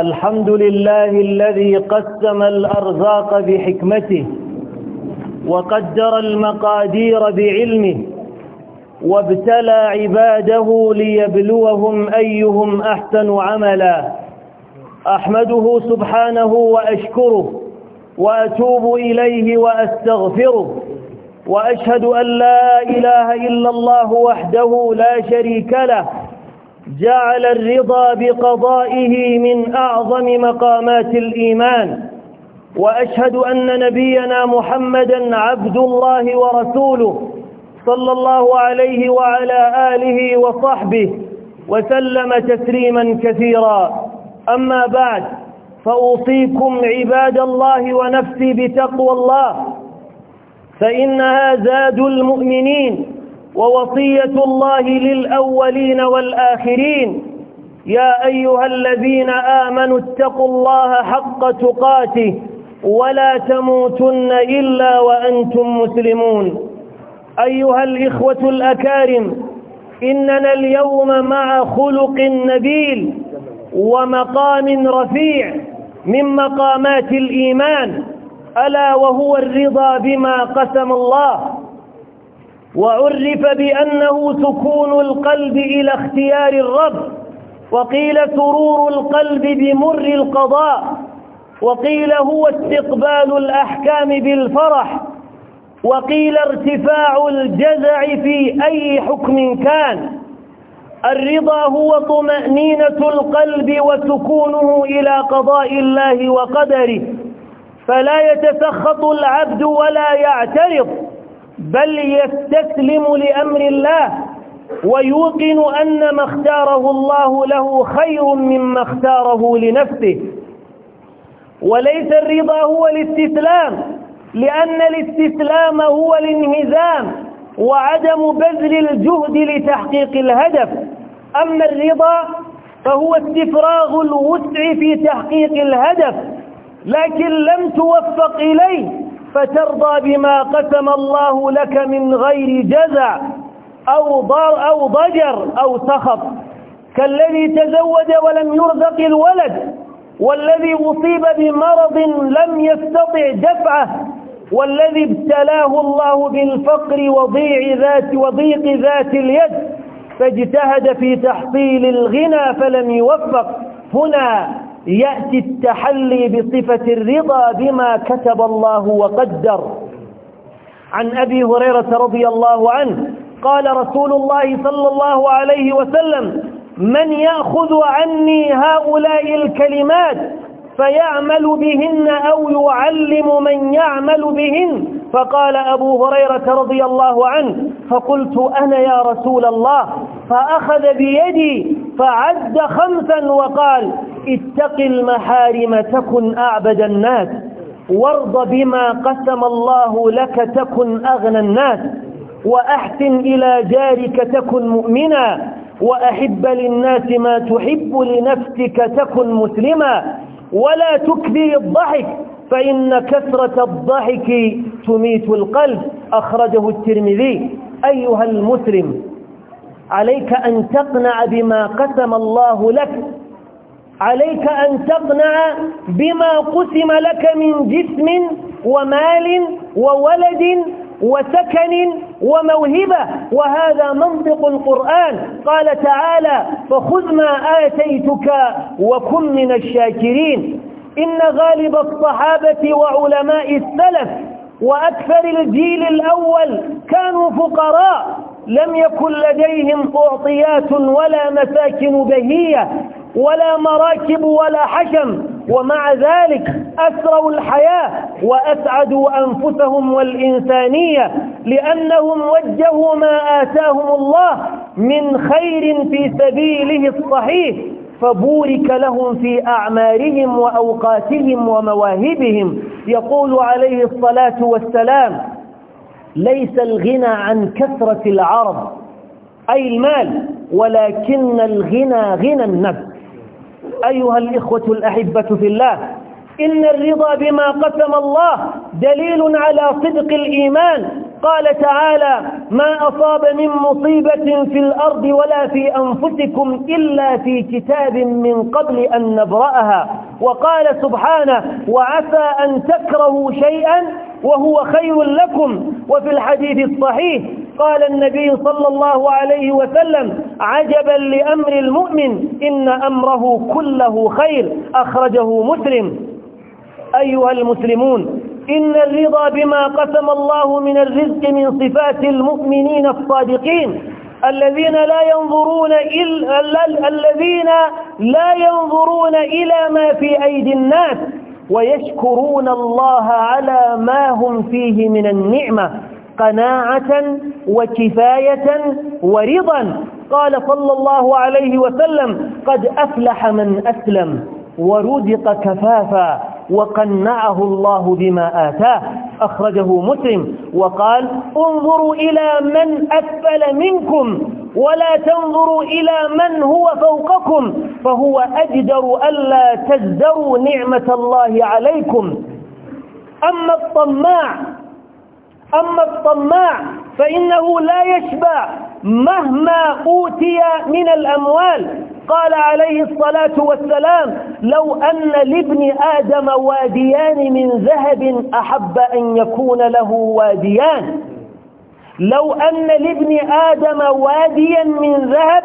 الحمد لله الذي قسم الأرزاق بحكمته وقدر المقادير بعلمه وابتلى عباده ليبلوهم أيهم أحسن عملا أحمده سبحانه وأشكره وأتوب إليه وأستغفره وأشهد أن لا إله إلا الله وحده لا شريك له جعل الرضا بقضائه من أعظم مقامات الإيمان وأشهد أن نبينا محمدا عبد الله ورسوله صلى الله عليه وعلى آله وصحبه وسلم تسليما كثيرا أما بعد فأوصيكم عباد الله ونفسي بتقوى الله فإنها زاد المؤمنين ووصية الله للأولين والآخرين يا أيها الذين آمنوا اتقوا الله حق تقاته ولا تموتن إلا وأنتم مسلمون أيها الإخوة الأكارم إننا اليوم مع خلق نبيل ومقام رفيع من مقامات الإيمان ألا وهو الرضا بما قسم الله وعرف بأنه سكون القلب إلى اختيار الرب وقيل سرور القلب بمر القضاء وقيل هو استقبال الأحكام بالفرح وقيل ارتفاع الجزع في أي حكم كان الرضا هو طمأنينة القلب وسكونه إلى قضاء الله وقدره فلا يتسخط العبد ولا يعترض بل يستسلم لأمر الله ويوقن أن ما اختاره الله له خير مما اختاره لنفسه وليس الرضا هو الاستسلام لأن الاستسلام هو الانهزام وعدم بذل الجهد لتحقيق الهدف أما الرضا فهو استفراغ الوسع في تحقيق الهدف لكن لم توفق إليه فترضى بما قسم الله لك من غير جزع أو, ضر أو ضجر أو سخط كالذي تزوج ولم يرزق الولد والذي أصيب بمرض لم يستطع دفعه والذي ابتلاه الله بالفقر وضيع ذات وضيق ذات اليد فاجتهد في تحصيل الغنى فلم يوفق هنا يأتي التحلي بصفة الرضا بما كتب الله وقدر عن أبي هريرة رضي الله عنه قال رسول الله صلى الله عليه وسلم من يأخذ عني هؤلاء الكلمات فيعمل بهن أو يعلم من يعمل بهن فقال أبو هريرة رضي الله عنه فقلت أنا يا رسول الله فأخذ بيدي فعد خمسا وقال اتق المحارم تكن أعبد الناس وارض بما قسم الله لك تكن أغنى الناس وأحسن إلى جارك تكن مؤمنا وأحب للناس ما تحب لنفسك تكن مسلما ولا تكذي الضحك فإن كثرة الضحك تميت القلب أخرجه الترمذي أيها المسلم عليك أن تقنع بما قسم الله لك عليك أن تقنع بما قسم لك من جسم ومال وولد وسكن وموهبة وهذا منطق القرآن قال تعالى فخذ ما آتيتك وكن من الشاكرين إن غالب الصحابة وعلماء السلف وأكثر الجيل الأول كانوا فقراء لم يكن لديهم أعطيات ولا مساكن بهية ولا مراكب ولا حكم ومع ذلك أسروا الحياة وأسعدوا أنفسهم والإنسانية لأنهم وجهوا ما آتاهم الله من خير في سبيله الصحيح فبورك لهم في أعمارهم وأوقاتهم ومواهبهم يقول عليه الصلاة والسلام ليس الغنى عن كثرة العرب أي المال ولكن الغنى غنى النفس أيها الإخوة الأحبة في الله إن الرضا بما قسم الله دليل على صدق الإيمان قال تعالى ما أصاب من مصيبة في الأرض ولا في أنفسكم إلا في كتاب من قبل أن نبرأها وقال سبحانه وعسى أن تكرهوا شيئا وهو خير لكم وفي الحديث الصحيح قال النبي صلى الله عليه وسلم عجبا لأمر المؤمن إن أمره كله خير أخرجه مسلم أيها المسلمون إن الرضا بما قسم الله من الرزق من صفات المؤمنين الصادقين الذين لا ينظرون إلا الذين لا ينظرون إلى ما في أيدي الناس ويشكرون الله على ما هم فيه من النعمة قناعة وكفاية ورضا قال صلى الله عليه وسلم قد أفلح من أسلم ورزق كفافا وقنعه الله بما آتاه أخرجه مسلم وقال انظروا إلى من أسفل منكم ولا تنظروا إلى من هو فوقكم فهو أجدر ألا تزدروا نعمة الله عليكم أما الطماع أما الطماع فإنه لا يشبع مهما أوتي من الأموال قال عليه الصلاة والسلام لو أن لابن آدم واديان من ذهب أحب أن يكون له واديان لو أن لابن آدم واديا من ذهب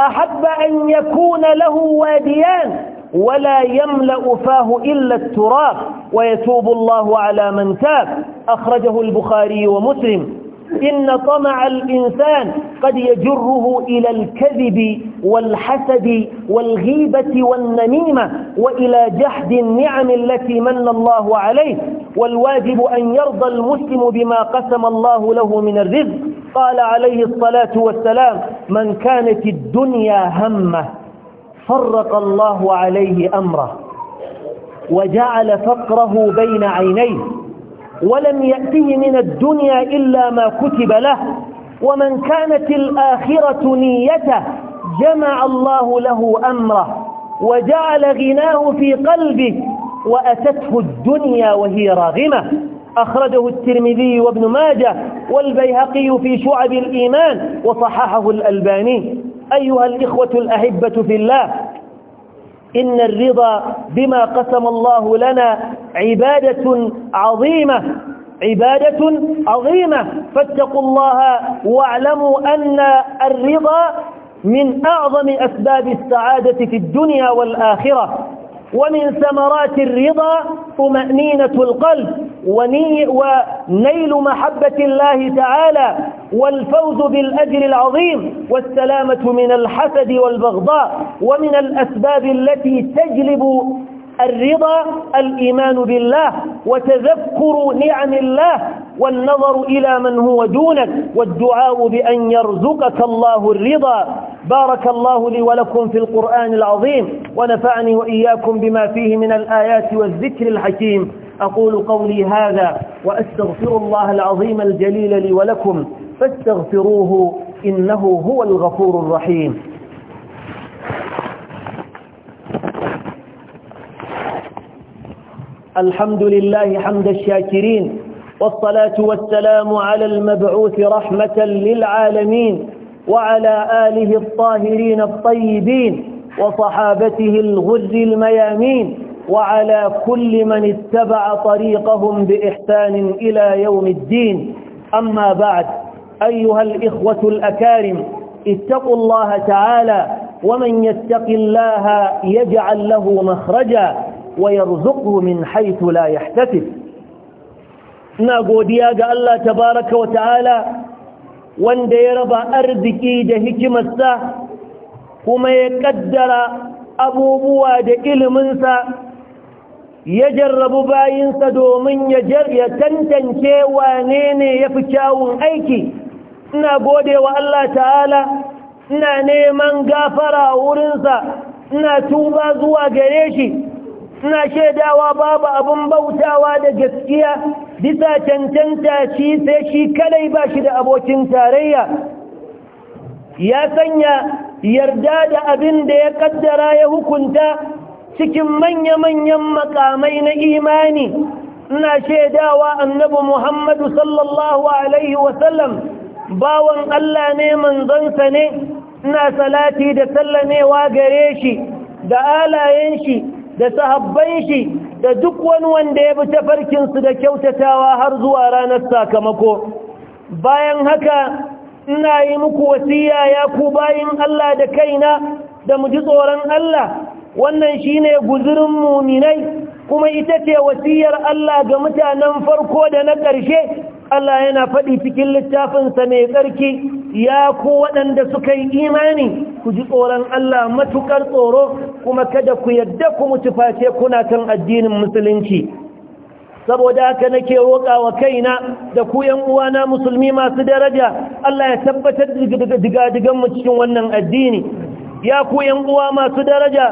أحب أن يكون له واديان ولا يملأ فاه إلا التراب ويتوب الله على من تاب أخرجه البخاري ومسلم إن طمع الإنسان قد يجره إلى الكذب والحسد والغيبة والنميمة وإلى جحد النعم التي من الله عليه والواجب أن يرضى المسلم بما قسم الله له من الرزق قال عليه الصلاة والسلام من كانت الدنيا همه فرق الله عليه أمره وجعل فقره بين عينيه ولم يأته من الدنيا إلا ما كتب له ومن كانت الآخرة نيته جمع الله له أمره وجعل غناه في قلبه وأتته الدنيا وهي راغمة أخرجه الترمذي وابن ماجه والبيهقي في شعب الإيمان وصححه الألباني أيها الإخوة الأحبة في الله إن الرضا بما قسم الله لنا عبادة عظيمة عبادة عظيمة فاتقوا الله واعلموا أن الرضا من أعظم أسباب السعادة في الدنيا والآخرة ومن ثمرات الرضا طمأنينة القلب وني ونيل محبة الله تعالى والفوز بالأجر العظيم والسلامة من الحسد والبغضاء ومن الأسباب التي تجلب الرضا الإيمان بالله وتذكر نعم الله والنظر إلى من هو دونك والدعاء بأن يرزقك الله الرضا بارك الله لي ولكم في القرآن العظيم ونفعني وإياكم بما فيه من الآيات والذكر الحكيم أقول قولي هذا وأستغفر الله العظيم الجليل لي ولكم فاستغفروه إنه هو الغفور الرحيم الحمد لله حمد الشاكرين والصلاة والسلام على المبعوث رحمة للعالمين وعلى آله الطاهرين الطيبين وصحابته الغر الميامين وعلى كل من اتبع طريقهم بإحسان إلى يوم الدين أما بعد أيها الإخوة الأكارم اتقوا الله تعالى ومن يتق الله يجعل له مخرجا ويرزقه من حيث لا يحتسب ina godiya ga Allah tabaraka wa ta'ala wanda ya raba arziki da hikimarsa kuma ya kaddara abubuwa da iliminsa ya jarrabu bayinsa domin ya tantance wane ne ya fi kyawun aiki ina godewa Allah ta'ala ina neman gafara wurinsa ina tuba zuwa gare shi ina shaidawa babu abin bautawa da gaskiya bisa cancanta shi sai shi kadai ba shi da abokin tarayya ya sanya yarda da abin da ya kaddara ya hukunta cikin manya-manyan makamai na imani ina shaidawa annabi muhammadu sallallahu alaihi wasallam bawan Allah ne manzansa ne ina salati da sallamewa gare shi da alayen shi da sahabban shi da duk wani wanda ya bi su da kyautatawa har zuwa ranar sakamako bayan haka ina yi muku wasiya ya ku bayin Allah da kaina da mu ji tsoron Allah wannan shine guzurin muminai kuma ita ce wasiyar Allah ga mutanen farko da na ƙarshe Allah yana faɗi cikin littafinsa mai tsarki ya ku waɗanda suka yi imani ku ji tsoron Allah matukar tsoro kuma kada ku yadda ku mutu face kuna kan addinin musulunci saboda haka nake roƙa wa kaina da ku yan uwana musulmi masu daraja Allah ya tabbatar digadigan mu cikin wannan addini ya ku yan uwa masu daraja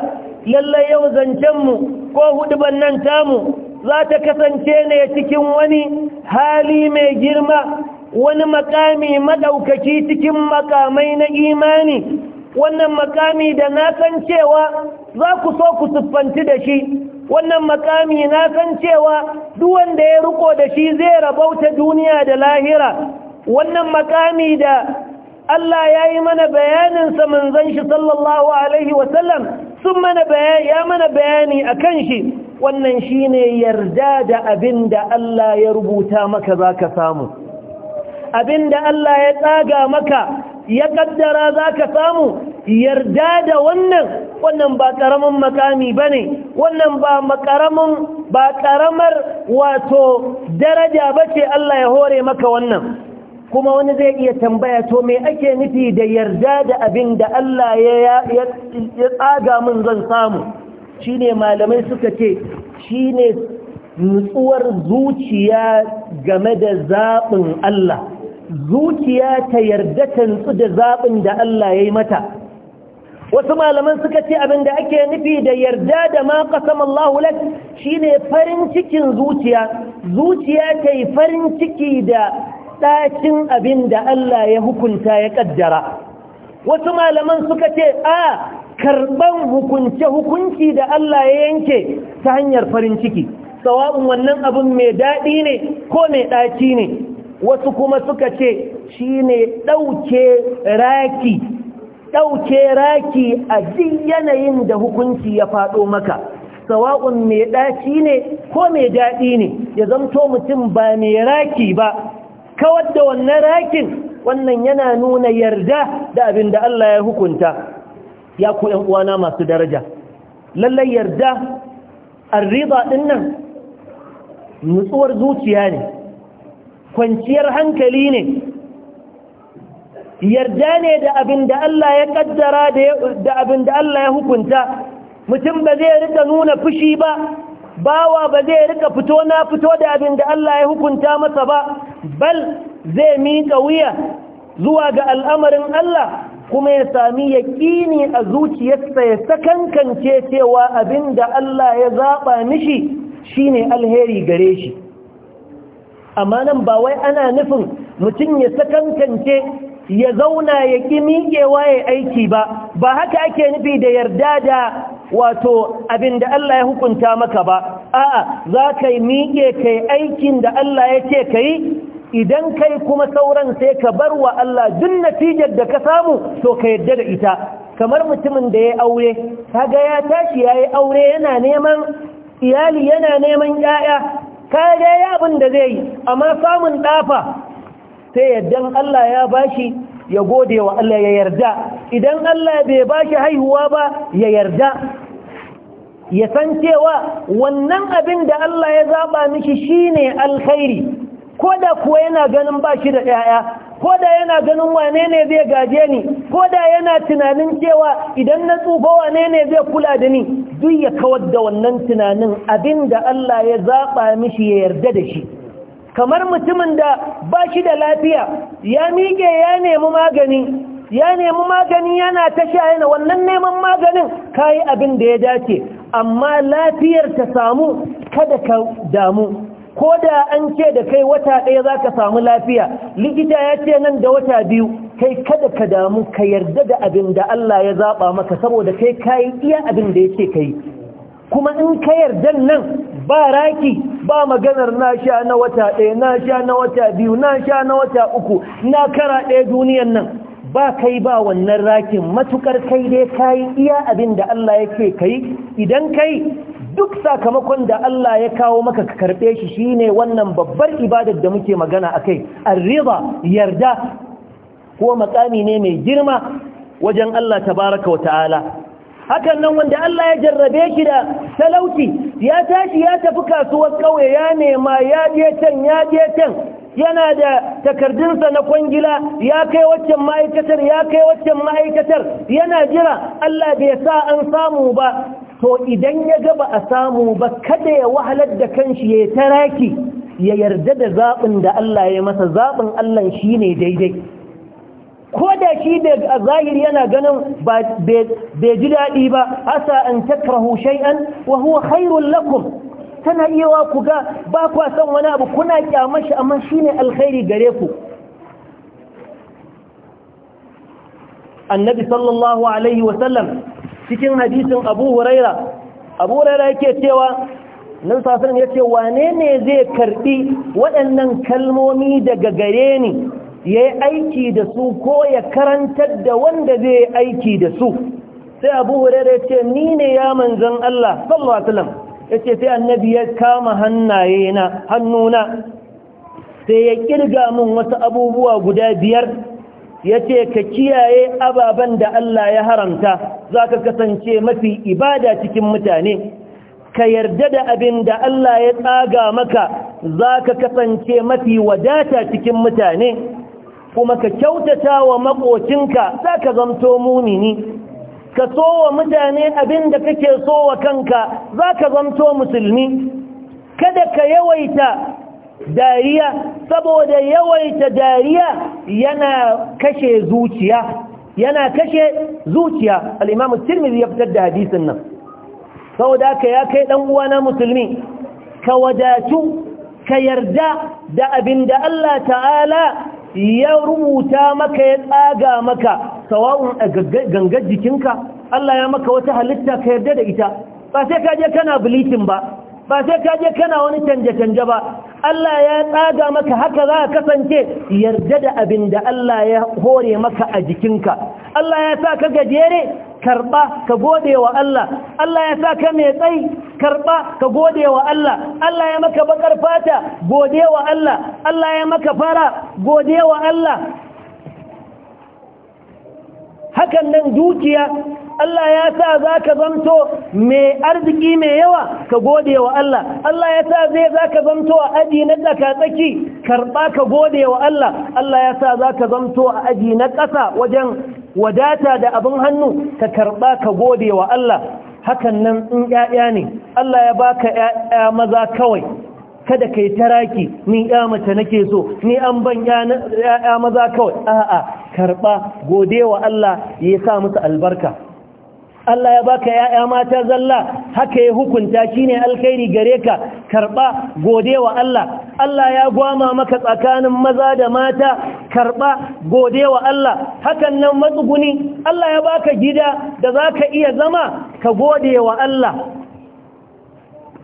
lallai yau zancen mu ko huduban bannan tamu za ta kasance ne cikin wani hali mai girma wani makami madaukaki cikin makamai na imani wannan makami da na san cewa za ku so ku siffanci da shi wannan makami na san cewa duk wanda ya riko da shi zai rabauta duniya da lahira wannan makami da Allah ya yi mana bayaninsa manzon shi sallallahu alaihi wasallam sun ya mana bayani a kan shi wannan shine yarda da abinda Allah ya rubuta maka zaka samu abinda Allah ya tsaga maka ya kaddara zaka samu yarda da wannan wannan ba karamin makami bane wannan ba makaramin ba karamar wato daraja bace Allah ya hore maka wannan kuma wani zai iya tambaya to me ake nufi da yarda da abin da Allah ya tsaga min zan samu shine malamai suka ce shine nutsuwar zuciya game da zaɓin Allah zuciya ta yarda tantsu da zaɓin da Allah ya yi mata wasu malaman suka ce abin da ake nufi da yarda da ma kasam Allah shi shine farin cikin zuciya zuciya ta yi farin ciki da ɗacin abin da Allah ya hukunta ya ƙaddara wasu malaman suka ce a karban hukunce hukunci da Allah ya yanke ta hanyar farin ciki sawa'un wannan abin mai daɗi ne ko mai ɗaci ne wasu kuma suka ce shi ne ɗauke raki ɗauke raki a duk yanayin da hukunci ya faɗo maka sawa'un mai ɗaci ne ko mai daɗi ne ya zamto mutum ba mai raki ba kawar da wannan rakin wannan yana nuna yarda da abin da Allah ya hukunta ya ku uwana masu daraja lallai yarda arriba ɗin nan nutsuwar zuciya ne kwanciyar hankali ne yarda ne da abin da Allah ya kaddara da abin da Allah ya hukunta mutum ba zai rika nuna fushi ba bawa ba zai rika fito na fito da abin da Allah ya hukunta masa ba bal zai miƙa wuya zuwa ga al'amarin Allah kuma ya sami yaƙini a zuciyarsa ya sakankance cewa abin da Allah ya zaɓa mishi shine alheri gare shi amma nan ba wai ana nufin mutum ya sakankance ya zauna ya ƙi miƙewa ya aiki ba ba haka ake nufi da yarda da wato abin da Allah ya hukunta maka ba a'a za ka yi miƙe kai aikin da Allah ya ce ka yi idan kai kuma sauran sai ka bar wa Allah duk natijar da ka samu to ka yadda da ita kamar mutumin da ya aure kaga ya tashi ya yi aure yana neman iyali yana neman 'ya'ya, kaga ya abin da zai yi amma samun ɗafa sai yaddan Allah ya bashi ya gode wa Allah ya yarda idan Allah bai bashi haihuwa ba ya yarda ya san cewa wannan abin da Allah ya zaba mishi shine alkhairi ko da kuwa yana ganin ba shi da ɗaya ko da yana ganin wane ne zai gaje ni ko da yana tunanin cewa idan na tsufa wane ne zai kula da ni duk ya kawar da wannan tunanin abin da Allah ya zaba mishi ya yarda da shi kamar mutumin da ba shi da lafiya ya miƙe ya nemi magani ya nemi magani yana ta sha yana wannan neman maganin kayi abin da ya dace amma lafiyar ta samu kada ka damu ko da an ce da kai wata ɗaya za ka samu lafiya likita ya ce nan da wata biyu kai kada ka damu ka yarda da abin da Allah ya zaɓa maka saboda kai kayi iya abin da ya ce ka yi kuma in ka yarda nan ba raki ba maganar na sha na wata ɗaya na sha na wata biyu na sha na wata uku na kara ɗaya duniyar nan ba kai ba wannan rakin matukar kai dai kayi iya abin da Allah yake kai idan kai duk sakamakon da Allah ya kawo maka ka karbe shi shine wannan babbar ibadar da muke magana akai ar-ridha yarda ko makami ne mai girma wajen Allah tabaraka wata'ala hakan nan wanda Allah ya jarrabe shi da talauci ya tashi ya tafi kasuwar kauye ya nema ya je can ya je can yana da takardunsa na kwangila ya kai waccan ma'aikatar ya kai waccan ma'aikatar yana jira Allah bai sa an samu ba to idan ya ga ba a samu ba kada ya wahalar da kanshi ya taraki ya yarda da zaɓin da Allah ya masa zaɓin Allah shi ne daidai ko da shi da zahiri yana ganin bai ji daɗi ba asa an takrahu shay'an wa huwa khairul lakum tana iya wa ku ga ba kwa son wani abu kuna kyamar shi amma shine alkhairi gare ku annabi sallallahu alaihi wasallam cikin hadisin abu huraira abu huraira yake cewa nan sasan ya ce wane ne zai karbi waɗannan kalmomi daga gare ni ya yi aiki da su ko ya karantar da wanda zai yi aiki da su sai abu huraira ya ce ni ne ya manzan allah sallallahu alaihi wasallam yace sai annabi ya kama hannaye na hannuna sai ya kirga min wasu abubuwa guda biyar yace ka kiyaye ababen da Allah ya haramta za ka kasance mafi ibada cikin mutane ka yarda da abin da Allah ya tsaga maka za ka kasance mafi wadata cikin mutane kuma ka kyautata wa makocinka zaka zamto mumini ka so wa mutane abin da kake so wa kanka za ka zamto musulmi kada ka yawaita dariya saboda yawaita dariya yana kashe zuciya yana kashe zuciya al'imamu tirmidhi ya fitar da hadisin nan saboda haka ya kai ɗan uwana musulmi ka wadatu ka yarda da abin da Allah ta'ala ya rubuta maka ya tsaga maka sawawun a gangar jikinka Allah ya maka wata halitta ka yarda da ita ba sai ka je kana bleaching ba ba sai ka je kana wani canje-canje ba Allah ya tsaga maka haka za ka kasance yarda da abin da Allah ya hore maka a jikinka Allah ya sa ka gajere karba ka gode wa Allah Allah ya sa ka mai tsayi karba ka gode wa Allah Allah ya maka bakar fata gode wa Allah Allah ya maka fara gode wa Allah hakan nan dukiya Allah ya sa za ka zamto mai arziki mai yawa ka gode wa Allah Allah ya sa zai za ka zamto a aji na tsakatsaki karɓa ka gode wa Allah Allah ya sa za ka zamto a aji na ƙasa wajen wadata da abin hannu ka karɓa ka gode wa Allah hakan nan in 'ya'ya ne Allah ya baka 'ya'ya maza kawai kada kai taraki ni ya mace nake so ni an ban ya maza kawai a'a karba godewa Allah ya sa musu albarka Allah ya baka ya'ya mata zalla haka ya hukunta shine alkhairi gare ka karba godewa Allah Allah ya gwama maka tsakanin maza da mata karba godewa Allah hakan nan matsuguni Allah ya baka gida da zaka iya zama ka godewa Allah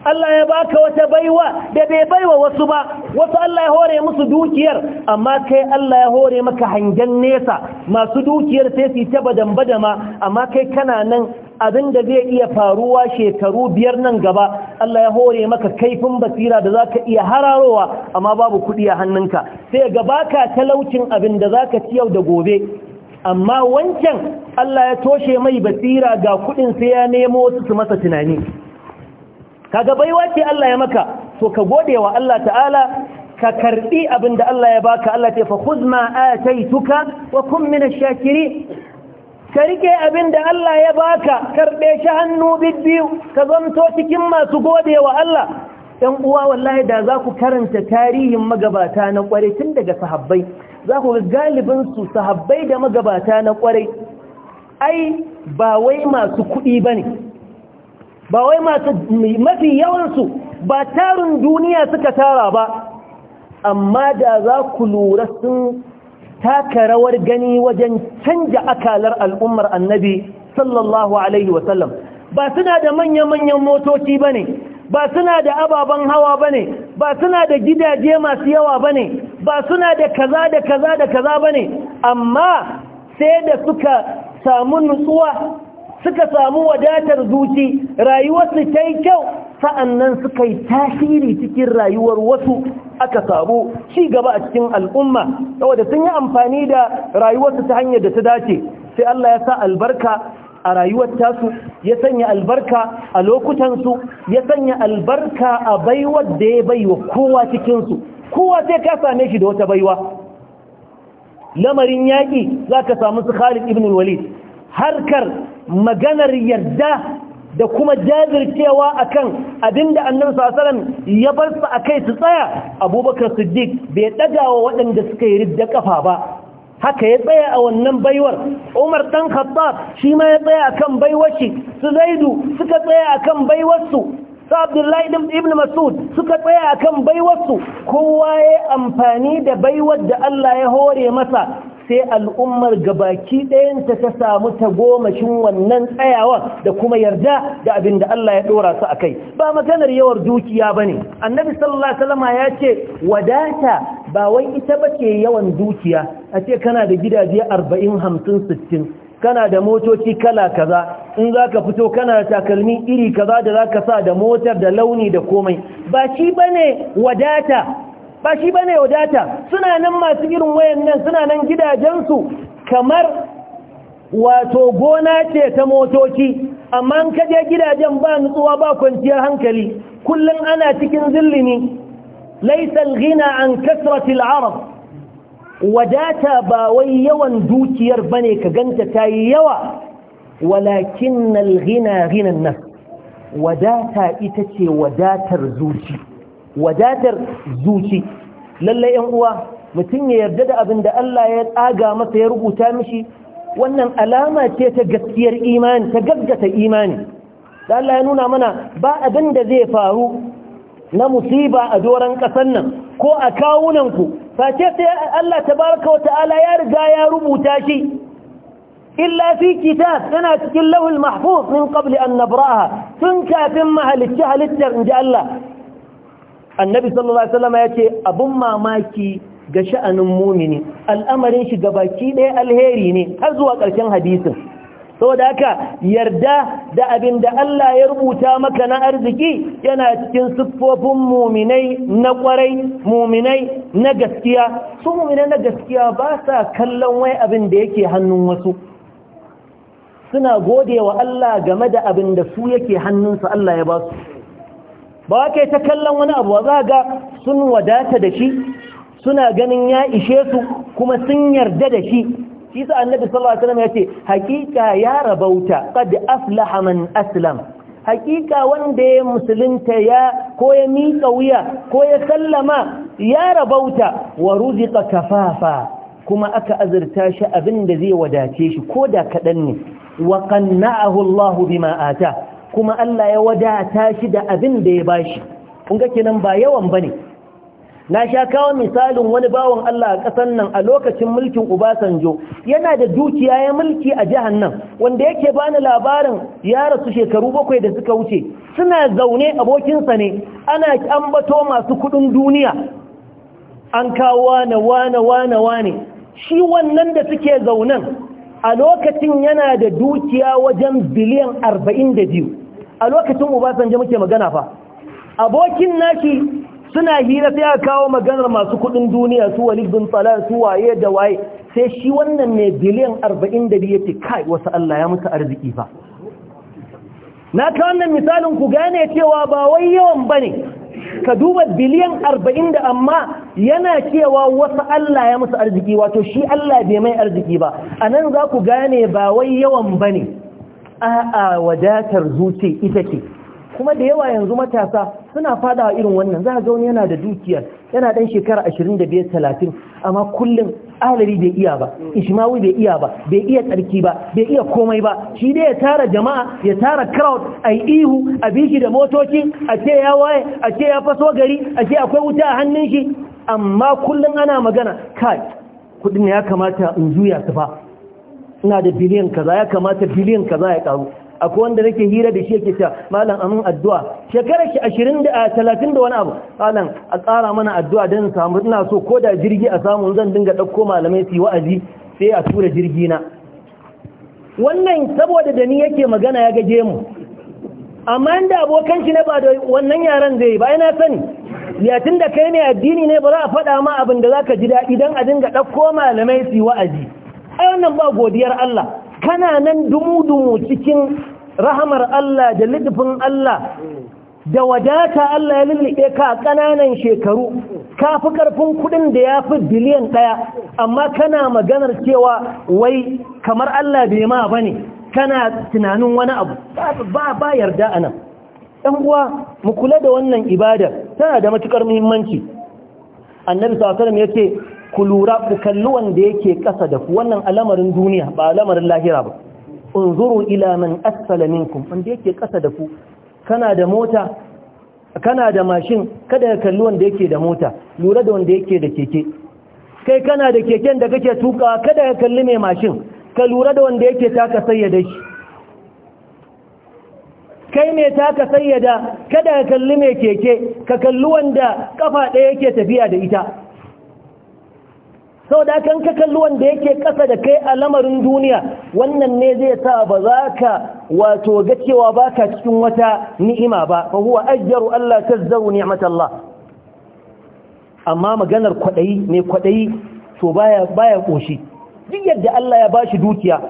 Allah ya baka wata baiwa da bai baiwa wasu ba wasu Allah ya hore musu dukiyar amma kai Allah ya hore maka hangen nesa masu dukiyar sai su ta badan badama amma kai kana nan abin da zai iya faruwa shekaru biyar nan gaba Allah ya hore maka kaifin basira da zaka iya hararowa amma babu kuɗi a hannunka sai ga baka talaucin abin da zaka ci yau da gobe amma wancan Allah ya toshe mai basira ga kuɗin sai ya nemo su masa tunani kaga baiwa ce Allah ya maka to ka gode wa Allah ta'ala ka karbi abin da Allah ya baka Allah ce fa khudh ma ataituka wa kun min ash-shakirin ka rike abin da Allah ya baka karbe shi hannu bibbiyu ka zanto cikin masu gode wa Allah ɗan uwa wallahi da za ku karanta tarihin magabata na kwarai tun daga sahabbai za ku ga galibin su sahabbai da magabata na kwarai ai ba wai masu kuɗi bane ba wai mafi yawansu ba tarin duniya suka tara ba amma da za ku lura sun taka rawar gani wajen canja akalar al'ummar annabi sallallahu alaihi wasallam ba suna da manya-manyan motoci ba ne ba suna da ababen hawa ba ne ba suna da gidaje masu yawa ba ne ba suna da kaza da kaza da kaza ba ne amma sai da suka samu nutsuwa suka samu wadatar zuci rayuwarsu ta yi kyau sa'annan suka yi tasiri cikin rayuwar wasu aka samu ci gaba a cikin al'umma saboda sun yi amfani da rayuwarsu ta hanyar da ta dace sai Allah ya sa albarka a rayuwar tasu ya sanya albarka a lokutansu ya sanya albarka a baiwar da ya baiwa kowa cikinsu kowa sai ka same shi da wata baiwa lamarin yaƙi za ka samu su khalid ibn walid harkar maganar yarda da kuma jazircewa akan abinda annabi sallallahu ya bar su kai su tsaya abubakar siddiq bai dagawa waɗanda suka yi ridda kafa ba haka ya tsaya a wannan baiwar umar dan khattab shi ma ya tsaya akan baiwar shi su zaidu suka tsaya akan baiwar su sa abdullahi ibn masud suka tsaya akan baiwar su kowa ya amfani da baiwar da Allah ya hore masa sai al'ummar gabaki ɗayanta ta samu tagomashin wannan tsayawa da kuma yarda da abin da Allah ya ɗora su a kai ba maganar yawar dukiya ba ne annabi sallallahu alaihi ya ce wadata ba wai ita ba ke yawan dukiya a ce kana da gidaje arba'in hamsin sittin kana da motoci kala kaza in za ka fito kana da takalmi iri kaza da za ka sa da motar da launi da komai ba shi ba ne wadata ba shi ne wadata suna nan masu irin wayannan suna nan gidajensu kamar wato gona ce ta motoci amma an kaje gidajen ba nutsuwa ba kwanciyar hankali kullum ana cikin zillimi Laisal rina an kasrati arab wadata ba wai yawan dukiyar bane ka ganta tayi yawa walakin alghina ghina an wadata ita ce wadatar zuci wadatar zuci lallai yan uwa mutum ya yarda da abin da Allah ya tsaga masa ya rubuta mishi wannan alama ce ta gaskiyar imani ta gaggata imani da Allah ya nuna mana ba abin da zai faru na musiba a doron ƙasar nan ko a kawunanku face sai Allah tabaraka wa ta'ala ya riga ya rubuta shi illa fi kitab yana cikin lahul mahfuz min qabli an nabraha tun kafin mahalicci halittar inji Allah annabi sallallahu alaihi wasallam ya ce abun mamaki ga sha'anin mumini al'amarin shi ga baki ɗaya alheri ne har zuwa ƙarshen hadisin saboda haka yarda da abin da Allah ya rubuta maka na arziki yana cikin siffofin muminai na kwarai muminai na gaskiya su muminai na gaskiya ba sa kallon wai abin da yake hannun wasu suna gode wa Allah game da abin da su yake hannunsa Allah ya ba su ba ke ta kallon wani abu za ga sun wadata da shi suna ganin ya ishe su kuma sun yarda da shi shi sa annabi sallallahu alaihi wasallam ya ce hakika ya rabauta qad aflaha man aslam hakika wanda ya musulunta ya ko ya miƙa wuya ko ya sallama ya rabauta wa ruziqa kafafa kuma aka azurta shi abin da zai wadace shi ko da kaɗan ne wa qanna'ahu Allahu bima ata kuma Allah ya wadata shi da abin da ya bashi kun ga kenan ba yawan bane na sha kawo misalin wani bawan Allah a ƙasar nan a lokacin mulkin Ubasanjo yana da dukiya ya mulki a jihar nan wanda yake bani labarin ya rasu shekaru bakwai da suka wuce suna zaune abokinsa ne ana ambato masu kudin duniya an kawo wane wane wane wane shi wannan da suke zaunen a lokacin yana da dukiya wajen biliyan arba'in da biyu a lokacin obasanjo muke magana fa abokin nashi suna hira sai aka kawo maganar masu kudin duniya su walid bin talal su waye da waye sai shi wannan mai biliyan 42 yace kai wasu Allah ya musu arziki fa na ka wannan misalin ku gane cewa ba wai yawan bane ka duba biliyan 40 da amma yana cewa wasu Allah ya musu arziki wato shi Allah bai mai arziki ba anan za ku gane ba wai yawan bane a'a wadatar zuci ita ce kuma da yawa yanzu matasa suna fadawa irin wannan za ga wani yana da dukiyar yana dan shekara 25 30 amma kullum alari bai iya ba ishmawi bai iya ba bai iya tsarki ba bai iya komai ba shi dai ya tara jama'a ya tara crowd ai ihu a bishi da motoci a ce ya waye a ce ya faso gari a ce akwai wuta a hannun shi amma kullum ana magana kai kudin ya kamata in juya su fa ina da biliyan kaza ya kamata biliyan kaza ya karu akwai wanda nake hira da shi yake cewa malam amin addu'a shekarar shi 20 da 30 eh, da wani abu malam a tsara mana addu'a don samu ina so ko da jirgi a samu zan dinga dauko malamai su yi wa'azi sai a tura jirgi na wannan saboda da ni yake magana ya gaje mu amma inda abokan shi ne ba da wannan yaran zai ba ina sani ya da kai ne addini ne ba za a faɗa ma abin da zaka ji daɗi don a dinga ɗauko malamai su yi wa'azi wannan ba godiyar Allah kana nan dumu cikin rahamar Allah da lidifin Allah da wadata Allah ya lullube ka a ƙananan shekaru ka fi ƙarfin kuɗin da ya fi biliyan ɗaya amma kana maganar cewa wai kamar Allah bai ma ba ne kana tunanin wani abu ba ba yarda a nan ɗan uwa mu kula da wannan ibadar tana da matuƙar muhimmanci annabi sallallahu alaihi wasallam yace ku lura ku kalli wanda yake ƙasa da ku wannan alamarin duniya ba alamarin lahira ba unzuru ila man asfala minkum wanda yake ƙasa da ku kana da mota kana da mashin kada ka kalli wanda yake da mota lura da wanda yake da keke kai kana da keken da kake tukawa kada ka kalli mai mashin ka lura da wanda yake taka sayyada shi kai mai taka sayyada kada ka kalli mai keke ka kalli wanda kafa ɗaya yake tafiya da ita sau da kan ka kalli wanda yake ƙasa da kai a lamarin duniya wannan ne zai sa ba za ka wato ga cewa ba ka cikin wata ni'ima ba fa huwa ajjaru Allah tazzau ni'matallah amma maganar kwaɗayi mai kwaɗayi to baya baya koshi duk yadda Allah ya bashi dukiya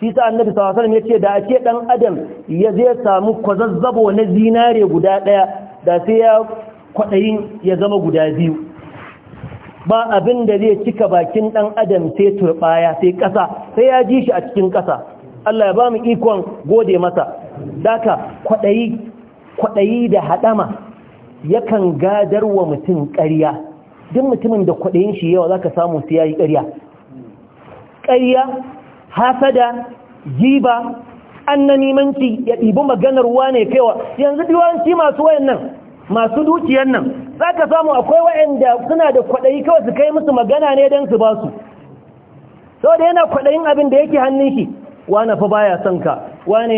shi sa annabi sallallahu alaihi wasallam yace da ake dan adam ya zai samu kwazazzabo na zinare guda daya da sai ya kwaɗayin ya zama guda biyu ba abin da zai cika bakin ɗan adam sai turbaya sai ƙasa sai ya ji shi a cikin ƙasa Allah ya ba mu ikon gode masa daka kwaɗayi kwaɗayi da haɗama yakan gadar wa mutum ƙariya duk mutumin da kwaɗayin shi yawa za ka samu su yayi yi ƙarya ƙarya hasada jiba annanimanci ya ɗibi maganar wane kaiwa yanzu diwanci masu wayan nan masu dukiyan nan za ka samu akwai waɗanda suna da kwaɗayi kawai su kai musu magana ne don su ba su sau da yana kwaɗayin abin da yake hannun shi wane fa baya son ka wane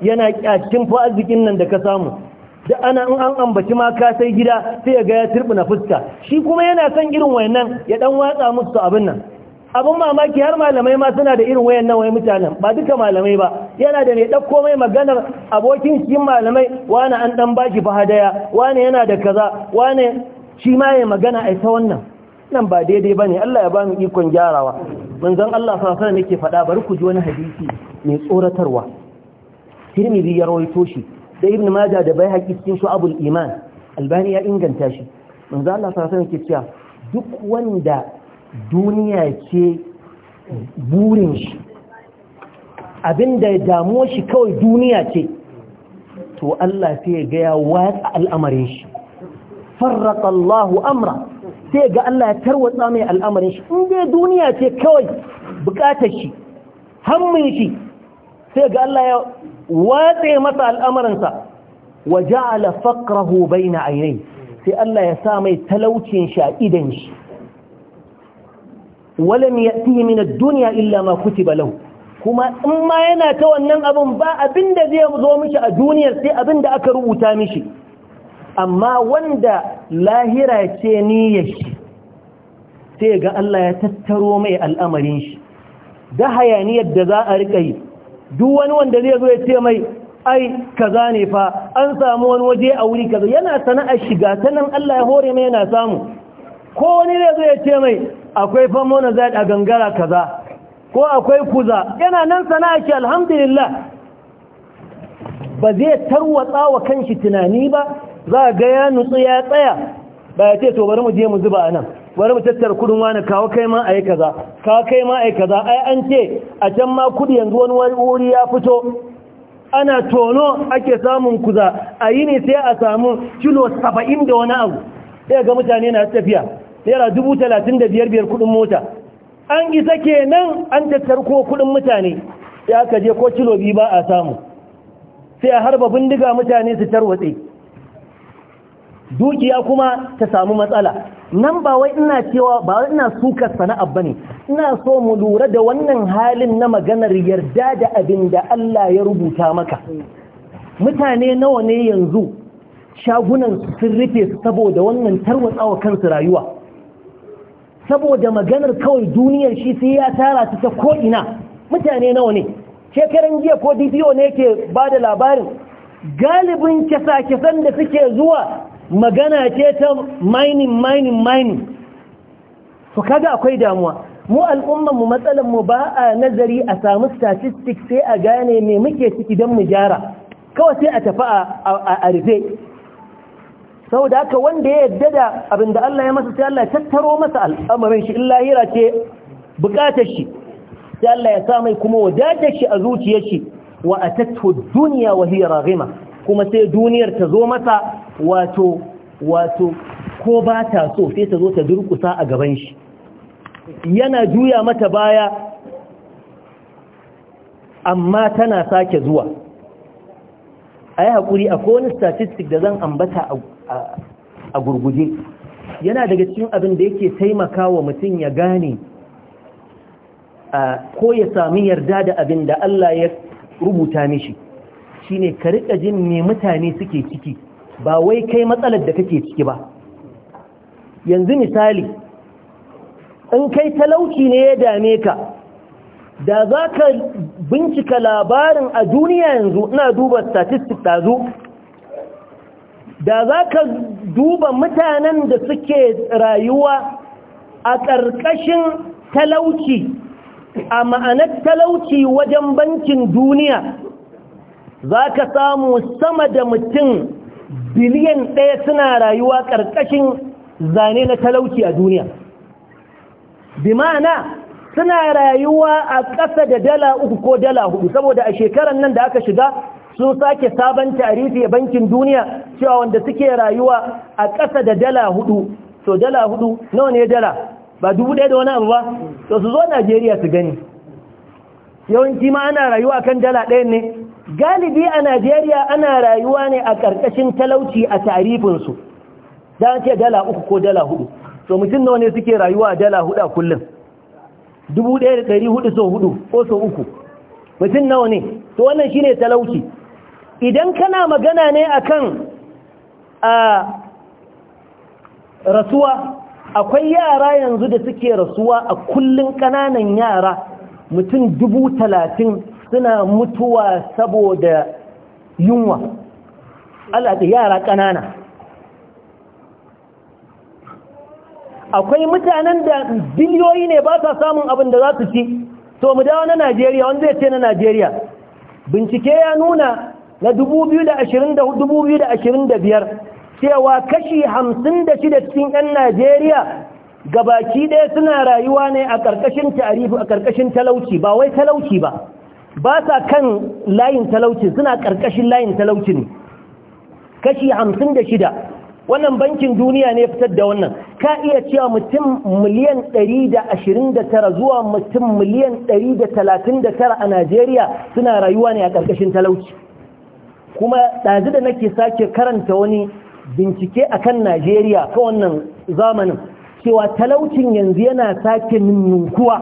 yana ƙyashin fa arzikin nan da ka samu da ana in an ambaci ma ka sai gida sai ya ga ya na fuska shi kuma yana son irin wayannan ya ɗan watsa musu abin nan abin mamaki har malamai ma suna da irin wayan wa mutanen ba duka malamai ba yana da mai ɗauko mai maganar abokin cikin malamai wani an ɗan baki fa hadaya wani yana da kaza wani shi ma ya magana a ita wannan nan ba daidai ba ne Allah ya ba mu ikon gyarawa manzon Allah sasana yake faɗa bari ku ji wani hadisi mai tsoratarwa tirmidhi ya rawaito shi da ibn majah da bai haƙi cikin shu'abul iman albani ya inganta shi manzon Allah sasana yake cewa duk wanda duniya ce burin shi abinda ya damuwa shi kawai duniya ce to Allah sai ya gaya watsa al'amarin shi farraka amra sai ga Allah ya tarwatsa mai al'amarin shi in dai duniya ce kawai bukatar shi hammin shi sai ga Allah ya watsa masa al'amarinsa wa ja'ala faqrahu bayna aynai sai Allah ya sa mai talaucin shi a idan shi walam yatihi min ad-dunya illa ma kutiba kuma in ma yana ta wannan abin ba abin da zai zo mishi a duniyar sai abin da aka rubuta mishi amma wanda lahira ce niyyar shi sai ga Allah ya tattaro mai al'amarin shi da hayaniyar da za a rika yi duk wani wanda zai zo ya ce mai ai kaza ne fa an samu wani waje a wuri kaza yana sana'ar shiga sanan Allah ya hore mai yana samu ko wani zai zo ya ce mai akwai zai a gangara kaza ko akwai kuza yana nan sana'a ke alhamdulillah ba zai tarwatsa wa kanshi tunani ba za ga ya nutsu ya tsaya ba ya ce to bari mu je mu zuba anan bari mu tattara kudin wani kawo kai ma yi kaza kawo kai ma yi kaza ai an ce a can ma kudi yanzu wani wuri ya fito ana tono ake samun kuza a yi ne sai a samu kilo saba'in da wani abu sai ga mutane na tafiya naira dubu talatin da biyar biyar kudin mota an isa kenan an tattarko kudin mutane ya aka je ko kilo biyu ba a samu sai a harba bindiga mutane su tarwatse dukiya kuma ta samu matsala nan ba wai ina cewa ba wai ina sukar sana'a bane ina so mu lura da wannan halin na maganar yarda da abin da Allah ya rubuta maka mutane nawa ne yanzu shagunan sun rufe saboda wannan tarwatsawa kansu rayuwa saboda maganar kawai duniyar shi sai ya tara su ta ko'ina mutane nawa ne shekaran jiya ko dpo ne ke ba da labarin galibin kyasa-kyasan da suke zuwa magana ce ta mining mining mining su kaga akwai damuwa mu al'ummanmu matsalanmu ba a nazari a samu statistics sai a gane me muke ciki don mu gyara kawai sai a tafi a rufe saboda haka wanda ya yadda da abin da Allah ya masa sai Allah ya tattaro masa al'amarin shi in lahira ce bukatar shi sai Allah ya sa mai kuma wadatar shi a zuciyar shi wa tattu duniya wa hiya kuma sai duniyar ta zo masa wato wato ko ba ta so sai ta zo ta durkusa a gaban shi yana juya mata baya amma tana sake zuwa a yi haƙuri akwai wani statistic da zan ambata a gurguje yana daga cikin abin da yake taimaka wa mutum ya gane ko ya sami yarda da abin da Allah ya rubuta mishi shine ka riƙa jin me mutane suke ciki ba wai kai matsalar da kake ciki ba yanzu misali in kai talauci ne ya dame ka da za ka bincika labarin a duniya yanzu ina duba statistics zo da za ka duba mutanen da suke rayuwa a ƙarƙashin talauci a ma'anar talauci wajen bankin duniya za ka samu sama da mutum biliyan ɗaya suna rayuwa ƙarƙashin zane na talauci a duniya bi ma'ana suna rayuwa a ƙasa da dala uku ko dala hudu saboda a shekarar nan da aka shiga sun sake sabon tarihi a bankin duniya cewa wanda suke rayuwa a ƙasa da dala hudu to dala hudu nawa ne dala ba dubu ɗaya da wani abu ba to su zo najeriya su gani yawanci ma ana rayuwa kan dala ɗaya ne galibi a najeriya ana rayuwa ne a ƙarƙashin talauci a tarifinsu da ce dala uku ko dala hudu to mutum nawa ne suke rayuwa a dala hudu a kullum dubu ɗaya da ɗari hudu so hudu ko so uku mutum nawa ne to wannan shine talauci idan kana magana ne akan a rasuwa akwai yara yanzu da suke rasuwa a kullun ƙananan yara mutum dubu talatin suna mutuwa saboda yunwa da yara ƙanana akwai mutanen da biliyoyi ne ba sa samun abin da za su ci to mu dawo na najeriya wanda ya ce na najeriya bincike ya nuna na 2024-2025 cewa kashi 56 cikin 'yan najeriya gabaki ɗaya suna rayuwa ne a ƙarƙashin tarihi a ƙarƙashin talauci ba wai talauci ba ba sa kan layin talauci suna ƙarƙashin layin talauci ne kashi 56 wannan bankin duniya ne fitar da wannan ka iya cewa mutum miliyan 129 zuwa mutum miliyan 139 a Najeriya suna rayuwa ne a ƙarƙashin talauci kuma ɗazi da nake sake karanta wani bincike a kan najeriya ta wannan zamanin cewa talaucin yanzu yana sake nunnunkuwa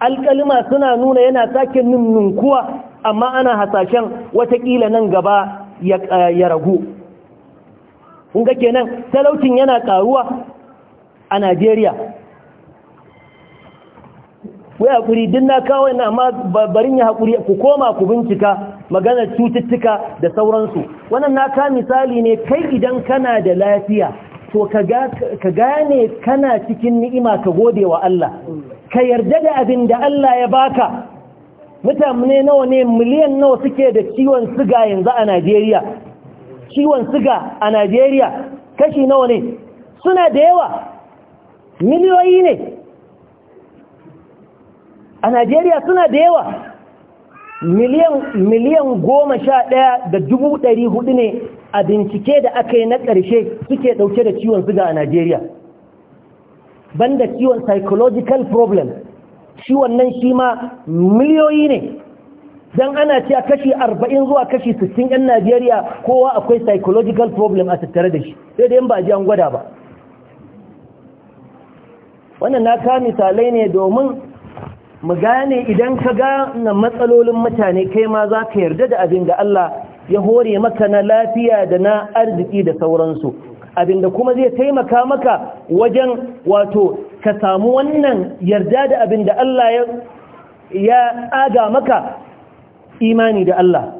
alƙalima suna nuna yana sake nunnunkuwa amma ana hasashen watakila nan gaba ya ragu ga kenan talaucin yana karuwa a najeriya wai haƙuri din na kawai na amma barin ya haƙuri ku koma ku bincika maganar cututtuka da sauransu wannan na ka misali ne kai idan kana da lafiya to ka gane kana cikin ni'ima ka gode wa Allah ka yarda da abin da Allah ya baka mutane nawa ne miliyan nawa suke da ciwon siga yanzu a Najeriya ciwon siga a Najeriya kashi nawa ne suna da yawa miliyoyi ne a Najeriya suna da yawa miliyan goma sha ɗaya da dubu ɗari hudu ne a bincike da aka yi na ƙarshe suke ɗauke da ciwon suga a najeriya banda ciwon psychological problem ciwon nan shi ma miliyoyi ne don ana ce a kashi arba'in zuwa kashi sittin 'yan najeriya kowa akwai psychological problem a tattare da shi sai da yin ba ji an gwada ba wannan na ka misalai ne domin mu gane idan ka gane matsalolin mutane kai ma za ka yarda da abin da Allah ya hore maka na lafiya da na arziki da sauransu abin da kuma zai taimaka maka wajen wato ka samu wannan yarda da abin da Allah ya ya aga maka imani da Allah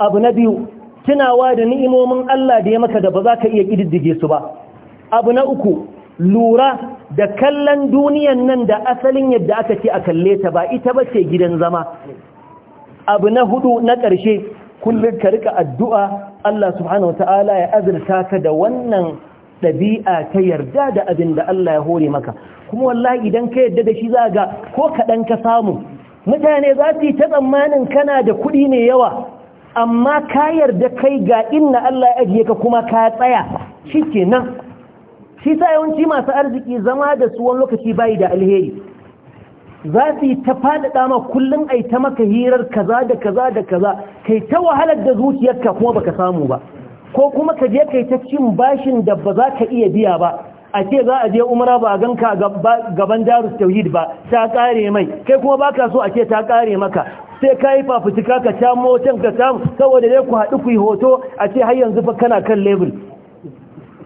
abu na biyu tunawa da ni'imomin Allah da ya maka da ba za ka iya kididdige su ba abu na uku lura da kallon duniyan nan da asalin yadda aka ce a kalle ta ba ita ba ce gidan zama abu na hudu na ƙarshe kullum ka rika addu'a Allah subhanahu ta'ala ya azurta ka da wannan ɗabi'a ta yarda da abin da Allah ya hore maka kuma wallahi idan ka yarda da shi za ga ko kaɗan ka samu mutane za su yi ta tsammanin kana da kuɗi ne yawa amma ka yarda kai ga inna Allah ya ajiye ka kuma ka tsaya shi kenan shi sa yawanci masu arziki zama da su wani lokaci bayi da alheri za su yi ta faɗaɗa ma kullum yi ta maka hirar kaza da kaza da kaza kai ta wahalar da zuciyarka kuma baka samu ba ko kuma ka je kai ta cin bashin da ba za ka iya biya ba a ce za a je umara ba a ganka gaban darus tauhid ba ta kare mai kai kuma baka so a ce ta kare maka sai ka yi fafutuka ka camo motan ka samu saboda dai ku haɗu ku yi hoto a ce har yanzu fa kana kan lebur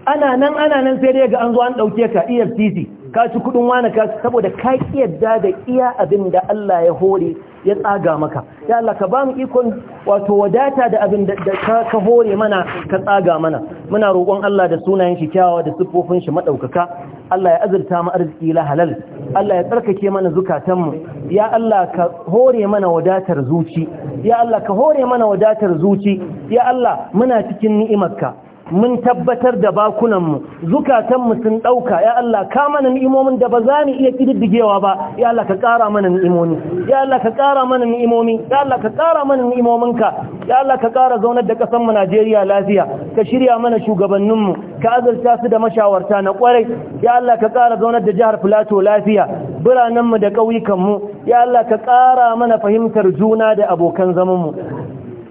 ana nan ana nan sai dai ga an zo an dauke ka EFCC ka ci kudin wani ka saboda ka kiyarda da iya abin da Allah ya hore ya tsaga maka ya Allah ka ba mu ikon wato wadata da abin da ka hore mana ka tsaga mana muna roƙon Allah da sunayen shi kyawawa da siffofin shi madaukaka Allah ya azurta mu arziki la halal Allah ya tsarkake mana zukatan mu ya Allah ka hore mana wadatar zuci ya Allah ka hore mana wadatar zuci ya Allah muna cikin ni'imarka mun tabbatar da bakunanmu zukatanmu sun ɗauka ya Allah ka mana ni'imomin da ba za mu iya ƙididdigewa ba ya Allah ka ƙara mana ni'imomi ya Allah ka ƙara mana ni'imomi ya Allah ka ƙara mana ni'imominka ya Allah ka ƙara zaunar da ƙasarmu Najeriya lafiya ka shirya mana shugabanninmu ka azurta su da mashawarta na ƙwarai ya Allah ka ƙara zaunar da jihar Filato lafiya biranenmu da ƙauyukanmu ya Allah ka ƙara mana fahimtar juna da abokan zamanmu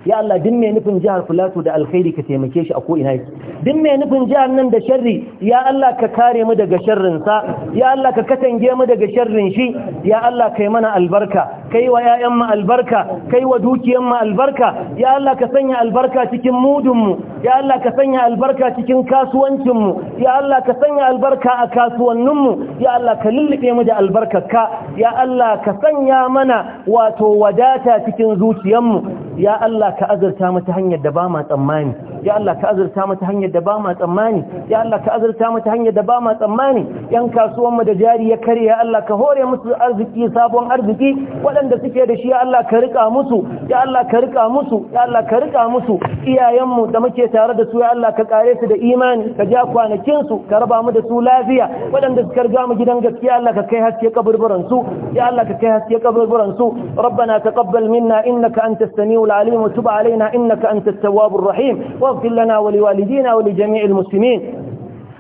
ya Allah din mai nufin jihar Filato da alkhairi ka taimake shi a ko ina yake din mai nufin jihar nan da sharri ya Allah ka kare mu daga sharrin sa ya Allah ka katange mu daga sharrin shi ya Allah kai mana albarka kai wa yayan mu albarka kai wa dukiyan mu albarka ya Allah ka sanya albarka cikin mudun mu ya Allah ka sanya albarka cikin kasuwancin mu ya Allah ka sanya albarka a kasuwannin mu ya Allah ka lullube mu da albarkarka ya Allah ka sanya mana wato wadata cikin zuciyar mu ya Allah Allah ka azurta mata hanyar da ba ma tsammani ya Allah ka azurta mata hanyar da ba ma tsammani ya Allah ka azurta mata hanyar da ba ma tsammani yan kasuwan mu da jari ya kare ya Allah ka hore musu arziki sabon arziki waɗanda suke da shi ya Allah ka rika musu ya Allah ka rika musu ya Allah ka rika musu iyayen mu da muke tare da su ya Allah ka kare su da imani ka ja kwanakin su ka raba mu da su lafiya waɗanda suka riga mu gidan gaskiya Allah ka kai haske kaburburan su ya Allah ka kai haske kaburburan su ربنا تقبل منا إنك أنت السميع العليم وتب وتب علينا إنك أنت التواب الرحيم واغفر لنا ولوالدينا ولجميع المسلمين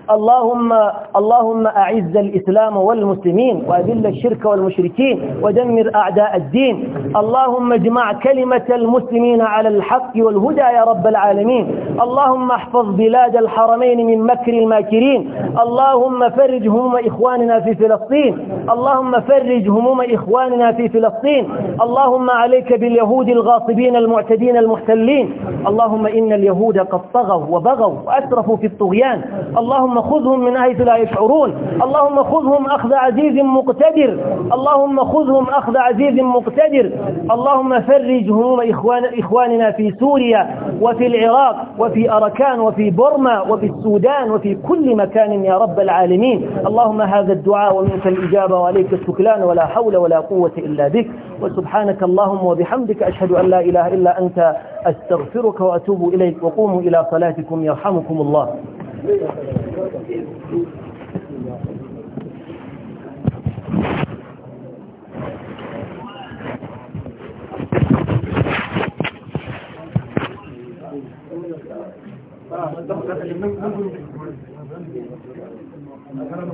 اللهم اللهم أعز الإسلام والمسلمين وأذل الشرك والمشركين ودمر أعداء الدين اللهم اجمع كلمة المسلمين على الحق والهدى يا رب العالمين اللهم احفظ بلاد الحرمين من مكر الماكرين اللهم فرج هموم إخواننا في فلسطين اللهم فرج هموم إخواننا في فلسطين اللهم عليك باليهود الغاصبين المعتدين المحتلين اللهم إن اليهود قد طغوا وبغوا وأسرفوا في الطغيان اللهم خذهم من حيث لا يشعرون اللهم خذهم أخذ عزيز مقتدر اللهم خذهم أخذ عزيز مقتدر اللهم فرج هموم إخوان إخواننا في سوريا وفي العراق وفي أركان وفي بورما وفي السودان وفي كل مكان يا رب العالمين اللهم هذا الدعاء ومنك الإجابة وعليك السكلان ولا حول ولا قوة إلا بك وسبحانك اللهم وبحمدك أشهد أن لا إله إلا أنت أستغفرك وأتوب إليك وقوموا إلى صلاتكم يرحمكم الله آه، الله